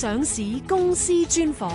上市公司專訪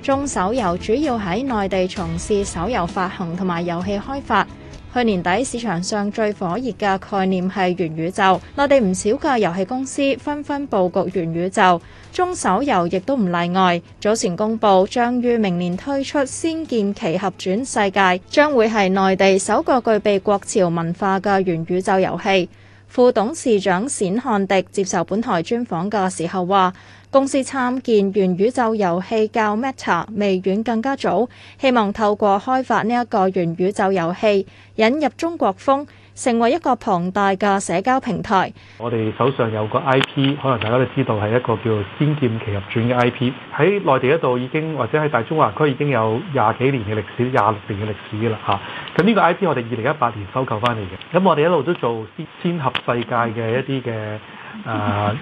中手遊主要喺內地從事手遊發行同埋遊戲開發。去年底市場上最火熱嘅概念係元宇宙，內地唔少嘅遊戲公司紛紛布局元宇宙。中手遊亦都唔例外，早前公布將於明年推出《仙劍奇俠傳世界》，將會係內地首個具備國潮文化嘅元宇宙遊戲。副董事長冼漢迪接受本台專訪嘅時候話：公司參建元宇宙遊戲較 Meta，微軟更加早，希望透過開發呢一個元宇宙遊戲，引入中國風。成為一個龐大嘅社交平台。我哋手上有個 I P，可能大家都知道係一個叫做《仙劍奇俠傳》嘅 I P，喺內地嗰度已經或者喺大中華區已經有廿幾年嘅歷史，廿六年嘅歷史啦吓。咁、啊、呢個 I P 我哋二零一八年收購翻嚟嘅。咁我哋一路都做仙俠世界嘅一啲嘅誒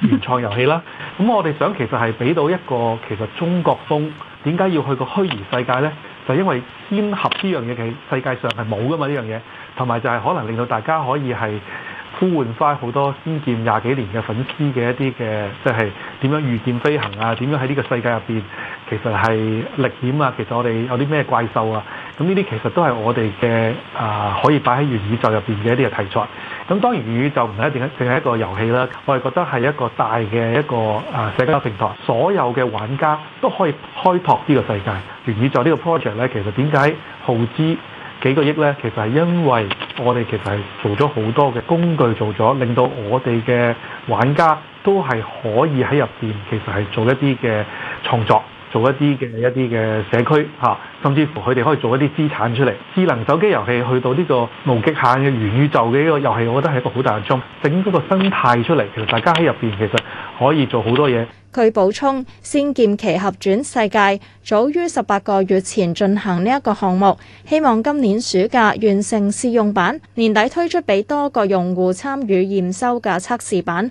原創遊戲啦。咁我哋想其實係俾到一個其實中國風，點解要去個虛擬世界呢？就因為仙俠呢樣嘢其實世界上係冇噶嘛呢樣嘢，同埋就係可能令到大家可以係呼喚翻好多仙劍廿幾年嘅粉絲嘅一啲嘅，即係點樣御劍飛行啊？點樣喺呢個世界入邊其實係歷險啊？其實我哋有啲咩怪獸啊？咁呢啲其實都係我哋嘅啊，可以擺喺元宇宙入邊嘅一啲嘅題材。咁當然元宇宙唔係一定淨係一個遊戲啦，我哋覺得係一個大嘅一個啊社交平台，所有嘅玩家都可以開拓呢個世界。元宇宙呢個 project 咧，其實點解耗資幾個億咧？其實係因為我哋其實係做咗好多嘅工具，做咗令到我哋嘅玩家都係可以喺入邊其實係做一啲嘅創作。做一啲嘅一啲嘅社區吓，甚至乎佢哋可以做一啲資產出嚟。智能手機遊戲去到呢個無極限嘅元宇宙嘅一個遊戲，我覺得係一個好大嘅鍾，整個生態出嚟。其實大家喺入邊其實可以做好多嘢。佢補充，《仙劍奇俠傳：世界》早於十八個月前進行呢一個項目，希望今年暑假完成試用版，年底推出俾多個用戶參與驗收嘅測試版。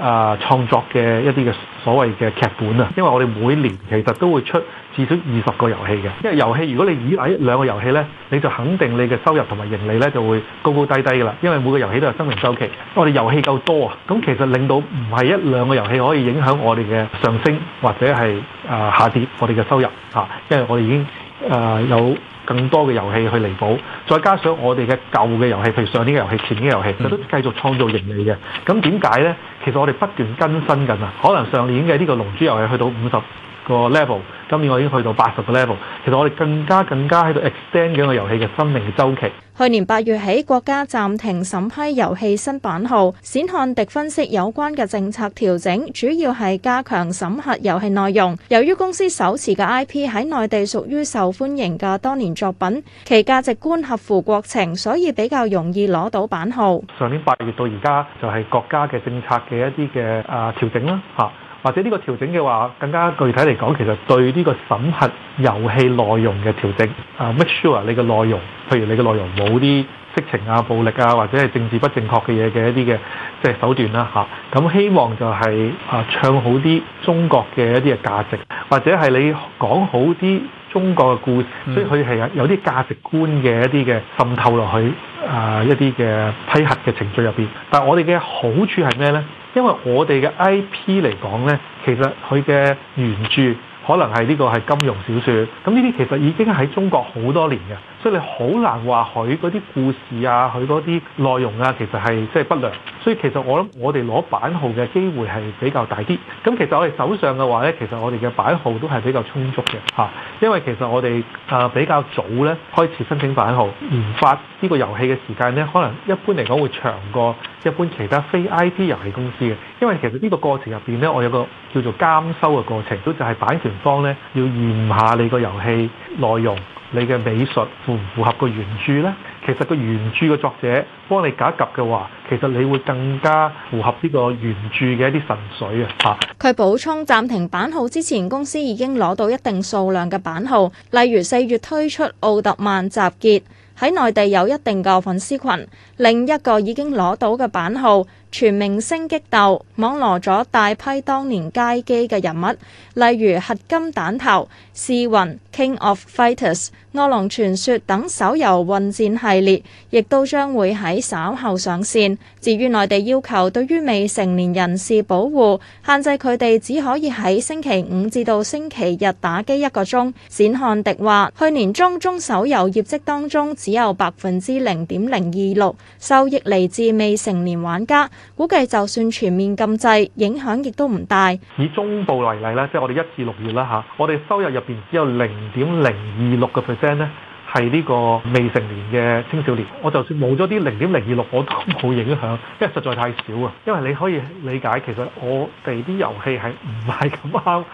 啊、呃、創作嘅一啲嘅所謂嘅劇本啊，因為我哋每年其實都會出至少二十個遊戲嘅，因為遊戲如果你以一兩個遊戲呢，你就肯定你嘅收入同埋盈利呢就會高高低低㗎喇，因為每個遊戲都有生命週期。我哋遊戲夠多啊，咁、嗯、其實令到唔係一兩個遊戲可以影響我哋嘅上升或者係啊、呃、下跌我哋嘅收入吓、啊，因為我哋已經。誒、呃，有更多嘅遊戲去彌補。再加上我哋嘅舊嘅遊戲，譬如上年嘅遊戲、前年嘅遊戲，其實都繼續創造盈利嘅。咁點解咧？其實我哋不斷更新緊啊，可能上年嘅呢個《龍珠》遊戲去到五十。個 level，今年我已經去到八十個 level。其實我哋更加更加喺度 extend 緊個遊戲嘅生命嘅週期。去年八月起，國家暫停審批遊戲新版號。冼漢迪分析有關嘅政策調整，主要係加強審核遊戲內容。由於公司手持嘅 IP 喺內地屬於受歡迎嘅多年作品，其價值觀合乎國情，所以比較容易攞到版號。上年八月到而家，就係國家嘅政策嘅一啲嘅啊調整啦，嚇。或者呢個調整嘅話，更加具體嚟講，其實對呢個審核遊戲內容嘅調整，啊，make sure 你嘅內容，譬如你嘅內容冇啲色情啊、暴力啊，或者係政治不正確嘅嘢嘅一啲嘅即係手段啦，嚇、啊。咁希望就係啊唱好啲中國嘅一啲嘅價值，或者係你講好啲中國嘅故事，所以佢係有有啲價值觀嘅一啲嘅滲透落去啊一啲嘅批核嘅程序入邊。但係我哋嘅好處係咩呢？因為我哋嘅 IP 嚟講呢，其實佢嘅原著可能係呢個係金融小說，咁呢啲其實已經喺中國好多年嘅。所以你好難話佢嗰啲故事啊，佢嗰啲內容啊，其實係即係不良。所以其實我諗我哋攞版號嘅機會係比較大啲。咁其實我哋手上嘅話咧，其實我哋嘅版號都係比較充足嘅吓、啊，因為其實我哋誒、呃、比較早咧開始申請版號研發呢個遊戲嘅時間咧，可能一般嚟講會長過一般其他非 I P 遊戲公司嘅。因為其實呢個過程入邊咧，我有個叫做監修嘅過程，都就係版權方咧要驗下你個遊戲內容。你嘅美術符唔符合個原著呢？其實個原著嘅作者幫你假及嘅話，其實你會更加符合呢個原著嘅一啲神髓啊！嚇，佢補充，暫停版號之前，公司已經攞到一定數量嘅版號，例如四月推出奧特曼集結，喺內地有一定嘅粉絲群，另一個已經攞到嘅版號，全明星激鬥網羅咗大批當年街機嘅人物，例如合金彈頭、侍魂 King of Fighters、惡龍傳說等手遊混戰系列，亦都將會喺稍後上線。至於內地要求對於未成年人士保護，限制佢哋只可以喺星期五至到星期日打機一個鐘，冼漢迪話：去年中中手遊業績當中只有百分之零點零二六收益嚟自未成年玩家。估計就算全面禁制，影響亦都唔大。以中部為例咧，即係我哋一至六月啦嚇，我哋收入入邊只有零點零二六個 percent 咧，係呢個未成年嘅青少年。我就算冇咗啲零點零二六，我都冇影響，因為實在太少啊。因為你可以理解，其實我哋啲遊戲係唔係咁啱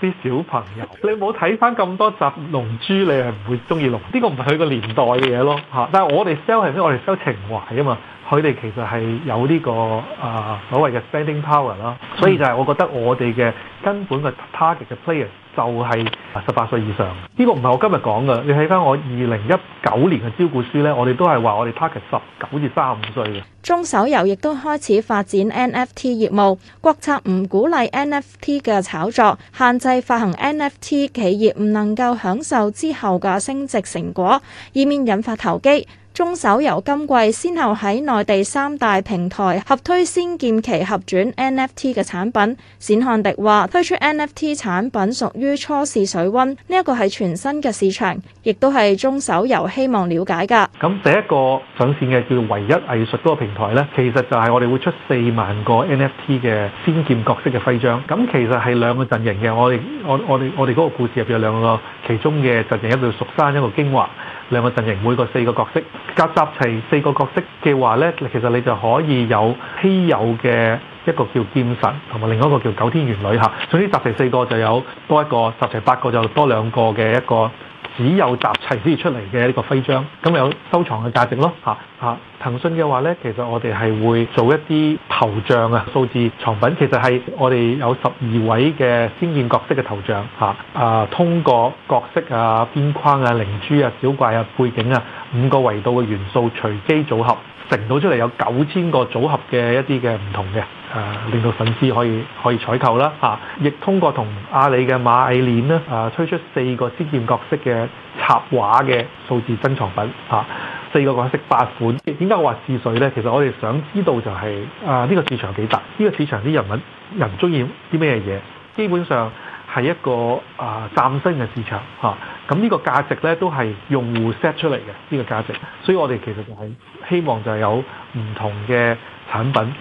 啲小朋友。你冇睇翻咁多集《龍珠》，你係唔會中意龍。呢個唔係佢個年代嘅嘢咯嚇，但係我哋 sell 係咩？我哋 sell 情懷啊嘛。佢哋其實係有呢個啊所謂嘅 spending power 咯、嗯，所以就係我覺得我哋嘅根本嘅 target 嘅 player 就係十八歲以上。呢個唔係我今日講嘅，你睇翻我二零一九年嘅招股書呢，我哋都係話我哋 target 十九至三十五歲嘅。中手游亦都開始發展 NFT 業務，國策唔鼓勵 NFT 嘅炒作，限制發行 NFT 企業唔能夠享受之後嘅升值成果，以免引發投機。中手遊今季先後喺內地三大平台合推《仙劍奇俠傳 NFT》嘅產品，冼漢迪話推出 NFT 產品屬於初試水溫，呢一個係全新嘅市場，亦都係中手遊希望了解噶。咁第一個上線嘅叫做唯一藝術嗰個平台呢，其實就係我哋會出四萬個 NFT 嘅仙劍角色嘅徽章。咁其實係兩個陣營嘅，我哋我我哋我哋嗰個故事入邊有兩個，其中嘅陣營一個叫蜀山，一個叫京華。兩個陣營，每個四個角色，夾集齊四個角色嘅話咧，其實你就可以有稀有嘅一個叫劍神，同埋另外一個叫九天玄女嚇。總之集齊四個就有多一個，集齊八個就多兩個嘅一個。只有集齊先至出嚟嘅呢個徽章，咁有收藏嘅價值咯嚇嚇。騰訊嘅話呢，其實我哋係會做一啲頭像啊、數字藏品，其實係我哋有十二位嘅仙劍角色嘅頭像嚇啊，通過角色啊、邊框啊、靈珠啊、小怪啊、背景啊五個維度嘅元素隨機組合，成到出嚟有九千個組合嘅一啲嘅唔同嘅。誒、啊、令到粉絲可以可以採購啦嚇、啊，亦通過同阿里嘅螞蟻鏈咧誒、啊、推出四個仙劍角色嘅插畫嘅數字珍藏品嚇、啊，四個角色八款。點、啊、解我話試水呢？其實我哋想知道、就是，就係啊呢、這個市場幾大，呢、這個市場啲人民唔中意啲咩嘢基本上係一個啊嶄新嘅市場嚇。咁、啊、呢、啊這個價值呢，都係用戶 set 出嚟嘅呢個價值，所以我哋其實就係希望就係有唔同嘅產品。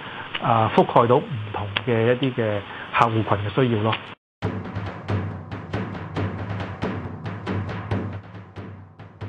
啊！覆蓋到唔同嘅一啲嘅客戶群嘅需要咯。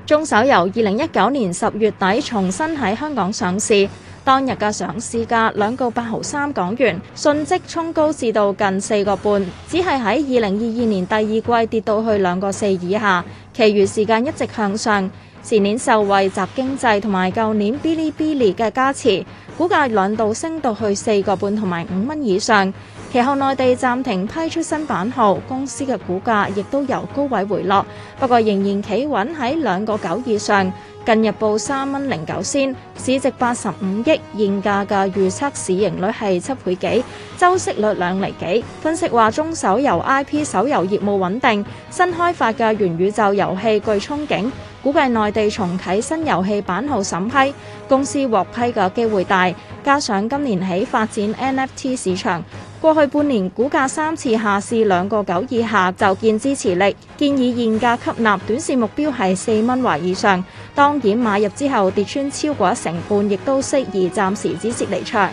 中手遊二零一九年十月底重新喺香港上市，當日嘅上市價兩個八毫三港元，瞬即衝高至到近四個半，只係喺二零二二年第二季跌到去兩個四以下，其餘時間一直向上。前年受惠集經濟同埋舊年嗶哩嗶哩嘅加持。股價兩度升到去四個半同埋五蚊以上，其後內地暫停批出新版號，公司嘅股價亦都由高位回落，不過仍然企穩喺兩個九以上，近日報三蚊零九仙，市值八十五億，現價嘅預測市盈率係七倍幾，周息率兩厘幾。分析話，中手遊 IP 手遊業務穩定，新開發嘅元宇宙遊戲具憧憬。估計內地重啟新遊戲版號審批，公司獲批嘅機會大，加上今年起發展 NFT 市場，過去半年股價三次下試兩個九以下就見支持力，建議現價吸納，短線目標係四蚊或以上。當然買入之後跌穿超過一成半，亦都適宜暫時止蝕離場。